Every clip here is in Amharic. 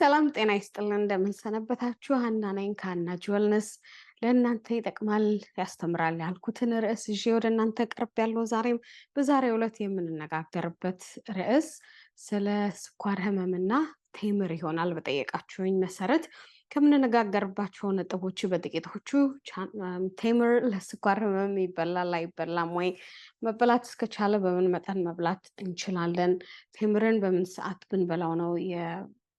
ሰላም ጤና ይስጥልን። እንደምንሰነበታችሁ ሀና ነኝ ከሀና ጅወልነስ። ለእናንተ ይጠቅማል ያስተምራል ያልኩትን ርዕስ ይዤ ወደ እናንተ ቅርብ ያለው ዛሬም በዛሬው ዕለት የምንነጋገርበት ርዕስ ስለ ስኳር ህመምና ቴምር ይሆናል። በጠየቃችሁኝ መሰረት ከምንነጋገርባቸው ነጥቦች በጥቂቶቹ ቴምር ለስኳር ህመም ይበላል አይበላም ወይ? መበላት እስከቻለ በምን መጠን መብላት እንችላለን? ቴምርን በምን ሰዓት ብንበላው ነው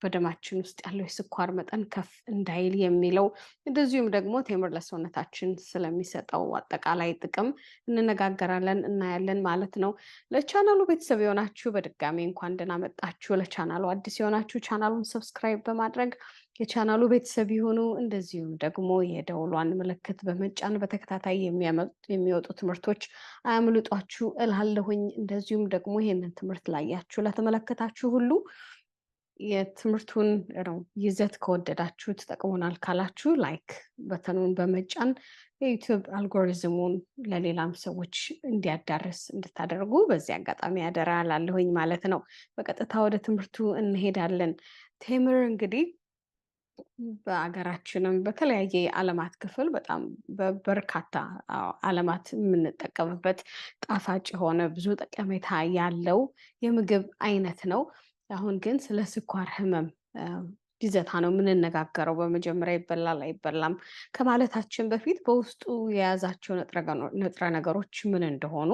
በደማችን ውስጥ ያለው የስኳር መጠን ከፍ እንዳይል የሚለው እንደዚሁም ደግሞ ቴምር ለሰውነታችን ስለሚሰጠው አጠቃላይ ጥቅም እንነጋገራለን እናያለን ማለት ነው። ለቻናሉ ቤተሰብ የሆናችሁ በድጋሚ እንኳን ደህና መጣችሁ። ለቻናሉ አዲስ የሆናችሁ ቻናሉን ሰብስክራይብ በማድረግ የቻናሉ ቤተሰብ የሆኑ እንደዚሁም ደግሞ የደውሏን ምልክት በመጫን በተከታታይ የሚወጡ ትምህርቶች አያምልጧችሁ እላለሁኝ። እንደዚሁም ደግሞ ይህንን ትምህርት ላያችሁ ለተመለከታችሁ ሁሉ የትምህርቱን ነው ይዘት ከወደዳችሁ ትጠቅሙናል ካላችሁ ላይክ በተኑን በመጫን የዩቲዩብ አልጎሪዝሙን ለሌላም ሰዎች እንዲያዳርስ እንድታደርጉ በዚህ አጋጣሚ ያደራ ላለሁኝ ማለት ነው። በቀጥታ ወደ ትምህርቱ እንሄዳለን። ቴምር እንግዲህ በሀገራችንም በተለያየ የዓለማት ክፍል በጣም በበርካታ ዓለማት የምንጠቀምበት ጣፋጭ የሆነ ብዙ ጠቀሜታ ያለው የምግብ አይነት ነው። አሁን ግን ስለ ስኳር ህመም ይዘታ ነው የምንነጋገረው። በመጀመሪያ ይበላል አይበላም ከማለታችን በፊት በውስጡ የያዛቸው ንጥረ ነገሮች ምን እንደሆኑ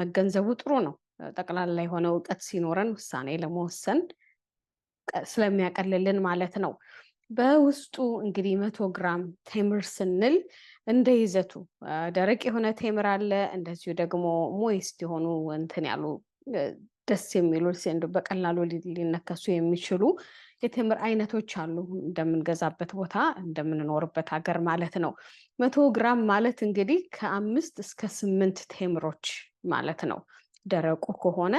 መገንዘቡ ጥሩ ነው። ጠቅላላ የሆነ እውቀት ሲኖረን ውሳኔ ለመወሰን ስለሚያቀልልን ማለት ነው። በውስጡ እንግዲህ መቶ ግራም ቴምር ስንል እንደ ይዘቱ ደረቅ የሆነ ቴምር አለ። እንደዚሁ ደግሞ ሞይስት የሆኑ እንትን ያሉ ደስ የሚሉ እንደው በቀላሉ ሊነከሱ የሚችሉ የቴምር አይነቶች አሉ። እንደምንገዛበት ቦታ እንደምንኖርበት ሀገር ማለት ነው። መቶ ግራም ማለት እንግዲህ ከአምስት እስከ ስምንት ቴምሮች ማለት ነው። ደረቁ ከሆነ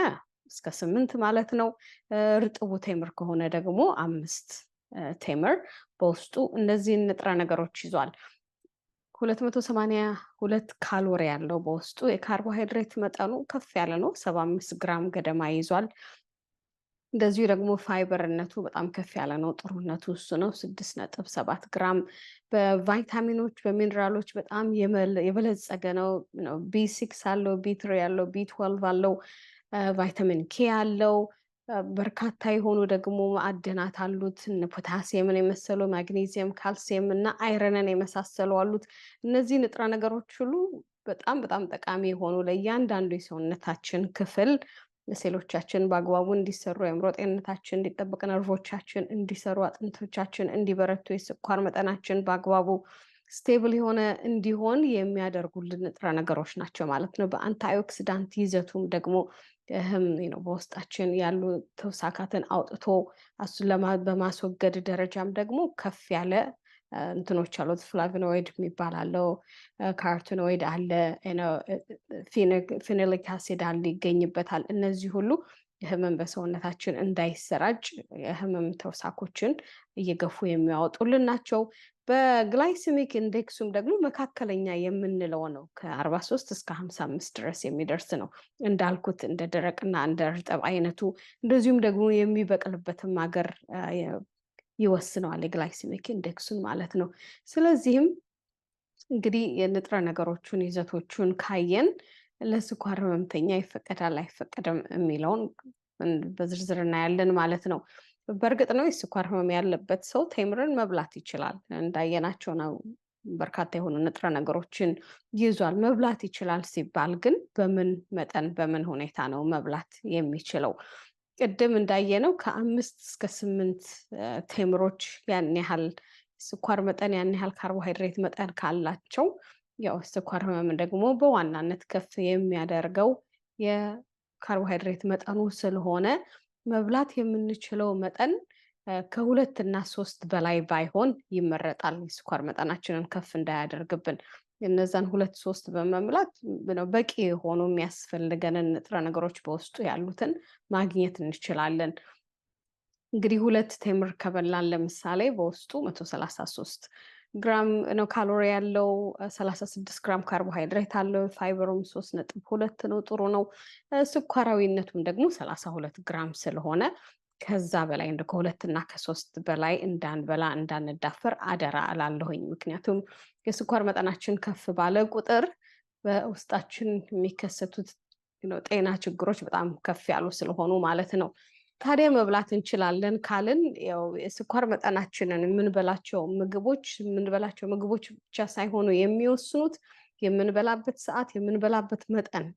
እስከ ስምንት ማለት ነው። ርጥቡ ቴምር ከሆነ ደግሞ አምስት ቴምር በውስጡ እነዚህን ንጥረ ነገሮች ይዟል። ሁለት ካሎሪ ያለው በውስጡ የካርቦሃይድሬት መጠኑ ከፍ ያለ ነው፣ አምስት ግራም ገደማ ይዟል። እንደዚሁ ደግሞ ፋይበርነቱ በጣም ከፍ ያለ ነው። ጥሩነቱ እሱ ነው፣ ሰባት ግራም። በቫይታሚኖች በሚኔራሎች በጣም የበለጸገ ነው። ቢ ሲክስ አለው፣ ቢ ትሪ አለው፣ ቢ አለው፣ ቫይታሚን ኬ አለው። በርካታ የሆኑ ደግሞ ማዕድናት አሉት። ፖታሲየምን የመሰሉ ማግኔዚየም፣ ካልሲየም እና አይረንን የመሳሰሉ አሉት። እነዚህ ንጥረ ነገሮች ሁሉ በጣም በጣም ጠቃሚ የሆኑ ለእያንዳንዱ የሰውነታችን ክፍል ሴሎቻችን በአግባቡ እንዲሰሩ፣ የአእምሮ ጤንነታችን እንዲጠበቅ፣ ነርቮቻችን እንዲሰሩ፣ አጥንቶቻችን እንዲበረቱ፣ የስኳር መጠናችን በአግባቡ ስቴብል የሆነ እንዲሆን የሚያደርጉልን ንጥረ ነገሮች ናቸው ማለት ነው። በአንታይኦክሲዳንት ይዘቱም ደግሞ በውስጣችን ያሉ ተውሳካትን አውጥቶ እሱን በማስወገድ ደረጃም ደግሞ ከፍ ያለ እንትኖች አሉት። ፍላቪኖይድ የሚባል አለው፣ ካርቲኖይድ አለ፣ ፊኒሊክ አሲድ አለ ይገኝበታል። እነዚህ ሁሉ ህመም በሰውነታችን እንዳይሰራጭ የህመም ተውሳኮችን እየገፉ የሚያወጡልን ናቸው። በግላይሴሚክ ኢንዴክሱም ደግሞ መካከለኛ የምንለው ነው። ከ43 እስከ አምስት ድረስ የሚደርስ ነው። እንዳልኩት እንደ ደረቅና እንደ እርጥብ አይነቱ እንደዚሁም ደግሞ የሚበቅልበትም ሀገር ይወስነዋል የግላይሴሚክ ኢንዴክሱን ማለት ነው። ስለዚህም እንግዲህ የንጥረ ነገሮቹን ይዘቶቹን ካየን ለስኳር ህመምተኛ ይፈቀዳል አይፈቀድም የሚለውን በዝርዝር እናያለን ማለት ነው። በእርግጥ ነው የስኳር ህመም ያለበት ሰው ቴምርን መብላት ይችላል። እንዳየናቸው ነው በርካታ የሆኑ ንጥረ ነገሮችን ይዟል። መብላት ይችላል ሲባል ግን በምን መጠን በምን ሁኔታ ነው መብላት የሚችለው? ቅድም እንዳየነው ከአምስት እስከ ስምንት ቴምሮች ያን ያህል ስኳር መጠን ያን ያህል ካርቦሃይድሬት መጠን ካላቸው ያው ስኳር ህመምን ደግሞ በዋናነት ከፍ የሚያደርገው የካርቦሃይድሬት መጠኑ ስለሆነ መብላት የምንችለው መጠን ከሁለት እና ሶስት በላይ ባይሆን ይመረጣል። የስኳር መጠናችንን ከፍ እንዳያደርግብን እነዛን ሁለት ሶስት በመምላት በቂ የሆኑ የሚያስፈልገንን ንጥረ ነገሮች በውስጡ ያሉትን ማግኘት እንችላለን። እንግዲህ ሁለት ቴምር ከበላን ለምሳሌ በውስጡ መቶ ሰላሳ ሶስት ግራም ነው ካሎሪ ያለው፣ ሰላሳ ስድስት ግራም ካርቦሃይድሬት አለው። ፋይበሩም ሶስት ነጥብ ሁለት ነው፣ ጥሩ ነው። ስኳራዊነቱም ደግሞ ሰላሳ ሁለት ግራም ስለሆነ ከዛ በላይ እንደ ከሁለት እና ከሶስት በላይ እንዳንበላ እንዳንዳፈር አደራ እላለሁኝ። ምክንያቱም የስኳር መጠናችን ከፍ ባለ ቁጥር በውስጣችን የሚከሰቱት ጤና ችግሮች በጣም ከፍ ያሉ ስለሆኑ ማለት ነው። ታዲያ መብላት እንችላለን ካልን ያው የስኳር መጠናችንን የምንበላቸው ምግቦች የምንበላቸው ምግቦች ብቻ ሳይሆኑ የሚወስኑት የምንበላበት ሰዓት የምንበላበት መጠን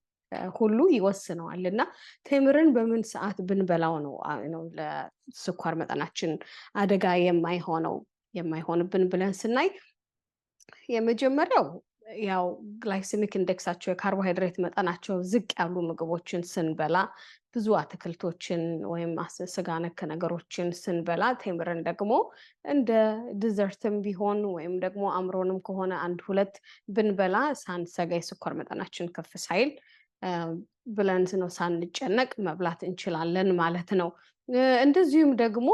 ሁሉ ይወስነዋል እና ቴምርን በምን ሰዓት ብንበላው ነው ለስኳር መጠናችን አደጋ የማይሆነው የማይሆንብን ብለን ስናይ የመጀመሪያው ያው ግላይሴሚክ ኢንዴክሳቸው የካርቦሃይድሬት መጠናቸው ዝቅ ያሉ ምግቦችን ስንበላ ብዙ አትክልቶችን ወይም ስጋ ነክ ነገሮችን ስንበላ ቴምርን ደግሞ እንደ ዲዘርትም ቢሆን ወይም ደግሞ አእምሮንም ከሆነ አንድ ሁለት ብንበላ ሳንሰጋ የስኳር መጠናችን ከፍ ሳይል ብለን ነው ሳንጨነቅ መብላት እንችላለን ማለት ነው። እንደዚሁም ደግሞ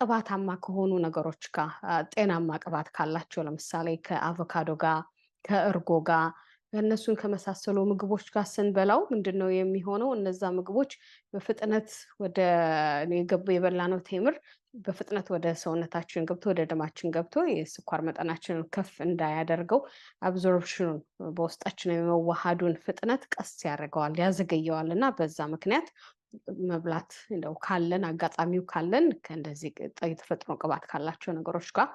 ቅባታማ ከሆኑ ነገሮች ጋር ጤናማ ቅባት ካላቸው ለምሳሌ ከአቮካዶ ጋር ከእርጎ ጋር እነሱን ከመሳሰሉ ምግቦች ጋር ስንበላው ምንድን ነው የሚሆነው? እነዛ ምግቦች በፍጥነት ወደ የበላነው ቴምር በፍጥነት ወደ ሰውነታችን ገብቶ ወደ ደማችን ገብቶ የስኳር መጠናችንን ከፍ እንዳያደርገው አብዞርፕሽኑን በውስጣችን የመዋሃዱን ፍጥነት ቀስ ያደርገዋል፣ ያዘገየዋል እና በዛ ምክንያት መብላት እንደው ካለን አጋጣሚው ካለን ከእንደዚህ የተፈጥሮ ቅባት ካላቸው ነገሮች ጋር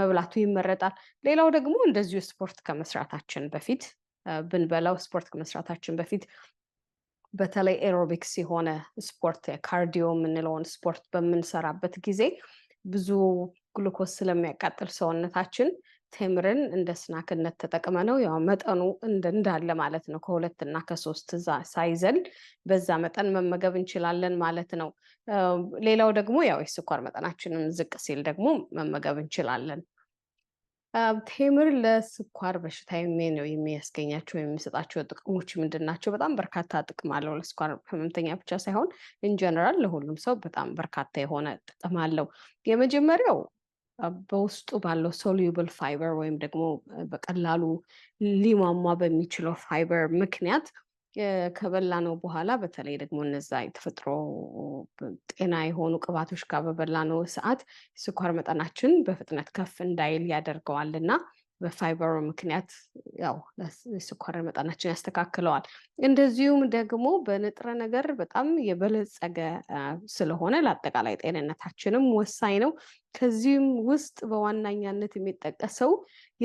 መብላቱ ይመረጣል። ሌላው ደግሞ እንደዚሁ ስፖርት ከመስራታችን በፊት ብንበላው ስፖርት ከመስራታችን በፊት በተለይ ኤሮቢክስ የሆነ ስፖርት የካርዲዮ የምንለውን ስፖርት በምንሰራበት ጊዜ ብዙ ግሉኮስ ስለሚያቃጥል ሰውነታችን ቴምርን እንደ ስናክነት ተጠቅመ ነው ያው መጠኑ እንዳለ ማለት ነው። ከሁለት እና ከሶስት ሳይዘል በዛ መጠን መመገብ እንችላለን ማለት ነው። ሌላው ደግሞ ያው የስኳር መጠናችንን ዝቅ ሲል ደግሞ መመገብ እንችላለን። ቴምር ለስኳር በሽታ ነው የሚያስገኛቸው የሚሰጣቸው ጥቅሞች ምንድን ናቸው? በጣም በርካታ ጥቅም አለው። ለስኳር ህመምተኛ ብቻ ሳይሆን ኢንጀነራል ለሁሉም ሰው በጣም በርካታ የሆነ ጥቅም አለው። የመጀመሪያው በውስጡ ባለው ሶሉብል ፋይበር ወይም ደግሞ በቀላሉ ሊሟሟ በሚችለው ፋይበር ምክንያት ከበላ ነው በኋላ በተለይ ደግሞ እነዛ የተፈጥሮ ጤና የሆኑ ቅባቶች ጋር በበላ ነው ሰዓት ስኳር መጠናችን በፍጥነት ከፍ እንዳይል ያደርገዋል እና በፋይበሩ ምክንያት ያው የስኳር መጠናችን ያስተካክለዋል። እንደዚሁም ደግሞ በንጥረ ነገር በጣም የበለጸገ ስለሆነ ለአጠቃላይ ጤንነታችንም ወሳኝ ነው። ከዚህም ውስጥ በዋናኛነት የሚጠቀሰው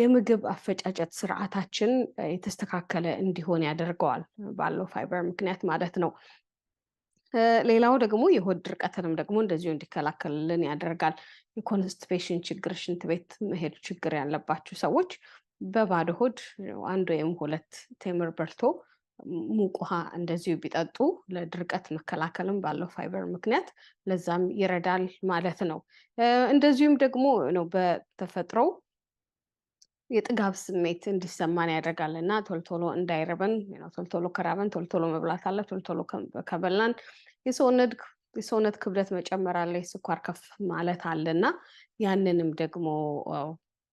የምግብ አፈጫጨት ስርዓታችን የተስተካከለ እንዲሆን ያደርገዋል ባለው ፋይበር ምክንያት ማለት ነው። ሌላው ደግሞ የሆድ ድርቀትንም ደግሞ እንደዚሁ እንዲከላከልልን ያደርጋል። የኮንስቲፔሽን ችግር ሽንት ቤት መሄድ ችግር ያለባቸው ሰዎች በባዶ ሆድ አንድ ወይም ሁለት ቴምር በልቶ ሙቅ ውሃ እንደዚሁ ቢጠጡ ለድርቀት መከላከልም ባለው ፋይበር ምክንያት ለዛም ይረዳል ማለት ነው። እንደዚሁም ደግሞ ነው በተፈጥሮ የጥጋብ ስሜት እንዲሰማን ያደርጋል እና ቶልቶሎ እንዳይረበን ቶልቶሎ ከራበን ቶልቶሎ መብላት አለ። ቶልቶሎ ከበላን የሰውነት የሰውነት ክብደት መጨመር አለ፣ የስኳር ከፍ ማለት አለ እና ያንንም ደግሞ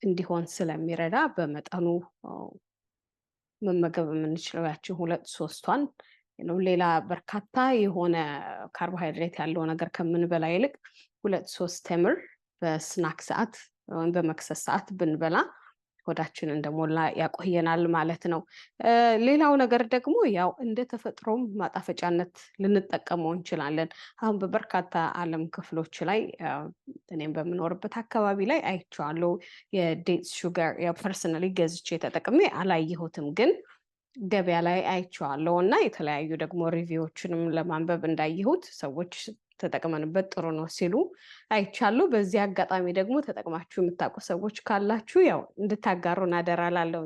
እንዲሆን ስለሚረዳ በመጠኑ መመገብ የምንችለው ያችን ሁለት ሶስቷን ነው። ሌላ በርካታ የሆነ ካርቦሃይድሬት ያለው ነገር ከምንበላ ይልቅ ሁለት ሶስት ተምር በስናክ ሰዓት ወይም በመክሰስ ሰዓት ብንበላ ሆዳችን እንደሞላ ያቆየናል ማለት ነው። ሌላው ነገር ደግሞ ያው እንደ ተፈጥሮም ማጣፈጫነት ልንጠቀመው እንችላለን። አሁን በበርካታ ዓለም ክፍሎች ላይ እኔም በምኖርበት አካባቢ ላይ አይቼዋለሁ። የዴትስ ሹጋር ያው ፐርሰናሊ ገዝቼ ተጠቅሜ አላየሁትም ግን ገበያ ላይ አይቼዋለሁ እና የተለያዩ ደግሞ ሪቪዎችንም ለማንበብ እንዳየሁት ሰዎች ተጠቅመንበት ጥሩ ነው ሲሉ አይቻሉ። በዚህ አጋጣሚ ደግሞ ተጠቅማችሁ የምታውቁ ሰዎች ካላችሁ ያው እንድታጋሩን አደራ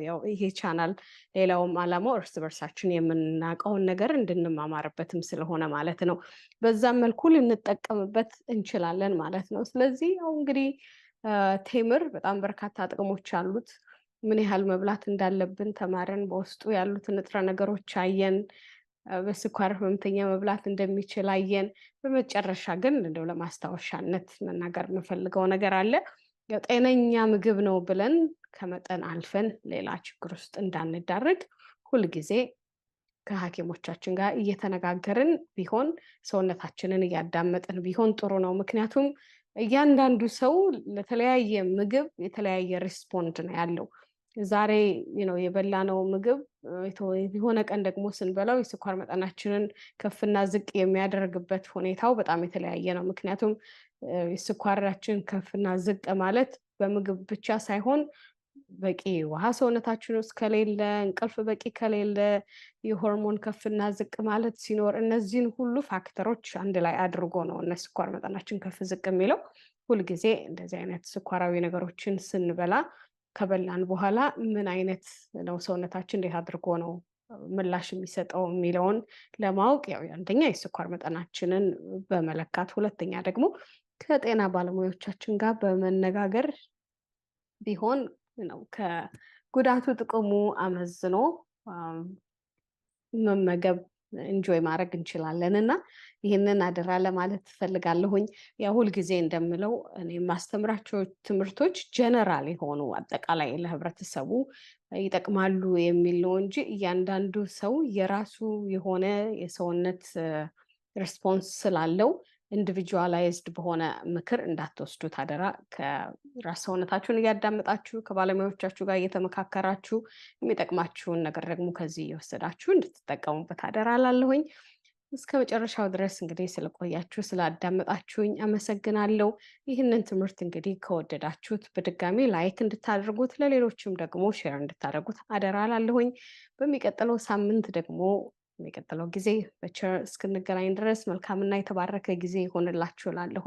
ያው ይሄ ቻናል ሌላውም አላማው እርስ በርሳችን የምናውቀውን ነገር እንድንማማርበትም ስለሆነ ማለት ነው። በዛም መልኩ ልንጠቀምበት እንችላለን ማለት ነው። ስለዚህ ያው እንግዲህ ቴምር በጣም በርካታ ጥቅሞች አሉት። ምን ያህል መብላት እንዳለብን ተማርን። በውስጡ ያሉት ንጥረ ነገሮች አየን። በስኳር ህመምተኛ መብላት እንደሚችል አየን። በመጨረሻ ግን እንደው ለማስታወሻነት መናገር የምፈልገው ነገር አለ። ጤነኛ ምግብ ነው ብለን ከመጠን አልፈን ሌላ ችግር ውስጥ እንዳንዳረግ ሁልጊዜ ከሐኪሞቻችን ጋር እየተነጋገርን ቢሆን ሰውነታችንን እያዳመጥን ቢሆን ጥሩ ነው። ምክንያቱም እያንዳንዱ ሰው ለተለያየ ምግብ የተለያየ ሪስፖንድ ነው ያለው። ዛሬ ነው የበላነው ምግብ የሆነ ቀን ደግሞ ስንበላው የስኳር መጠናችንን ከፍና ዝቅ የሚያደርግበት ሁኔታው በጣም የተለያየ ነው። ምክንያቱም የስኳራችን ከፍና ዝቅ ማለት በምግብ ብቻ ሳይሆን በቂ ውሃ ሰውነታችን ውስጥ ከሌለ፣ እንቅልፍ በቂ ከሌለ፣ የሆርሞን ከፍና ዝቅ ማለት ሲኖር፣ እነዚህን ሁሉ ፋክተሮች አንድ ላይ አድርጎ ነው እነ ስኳር መጠናችን ከፍ ዝቅ የሚለው። ሁልጊዜ እንደዚህ አይነት ስኳራዊ ነገሮችን ስንበላ ከበላን በኋላ ምን አይነት ነው ሰውነታችን እንዴት አድርጎ ነው ምላሽ የሚሰጠው የሚለውን ለማወቅ ያው አንደኛ የስኳር መጠናችንን በመለካት ሁለተኛ ደግሞ ከጤና ባለሙያዎቻችን ጋር በመነጋገር ቢሆን ነው ከጉዳቱ ጥቅሙ አመዝኖ መመገብ እንጆይ ማድረግ እንችላለን እና ይህንን አደራ ለማለት ትፈልጋለሁኝ። ያሁል ሁልጊዜ እንደምለው እኔ የማስተምራቸው ትምህርቶች ጀነራል የሆኑ አጠቃላይ ለህብረተሰቡ ይጠቅማሉ የሚል ነው እንጂ እያንዳንዱ ሰው የራሱ የሆነ የሰውነት ሪስፖንስ ስላለው ኢንዲቪጁዋላይዝድ በሆነ ምክር እንዳትወስዱት አደራ። ከራስ ሰውነታችሁን እያዳመጣችሁ ከባለሙያዎቻችሁ ጋር እየተመካከራችሁ የሚጠቅማችሁን ነገር ደግሞ ከዚህ እየወሰዳችሁ እንድትጠቀሙበት አደራ ላለሁኝ። እስከ መጨረሻው ድረስ እንግዲህ ስለቆያችሁ ስላዳመጣችሁኝ አመሰግናለሁ። ይህንን ትምህርት እንግዲህ ከወደዳችሁት በድጋሚ ላይክ እንድታደርጉት ለሌሎችም ደግሞ ሼር እንድታደርጉት አደራ ላለሁኝ። በሚቀጥለው ሳምንት ደግሞ የሚቀጥለው ጊዜ በቸር እስክንገናኝ ድረስ መልካምና የተባረከ ጊዜ ይሆንላችሁ እላለሁ።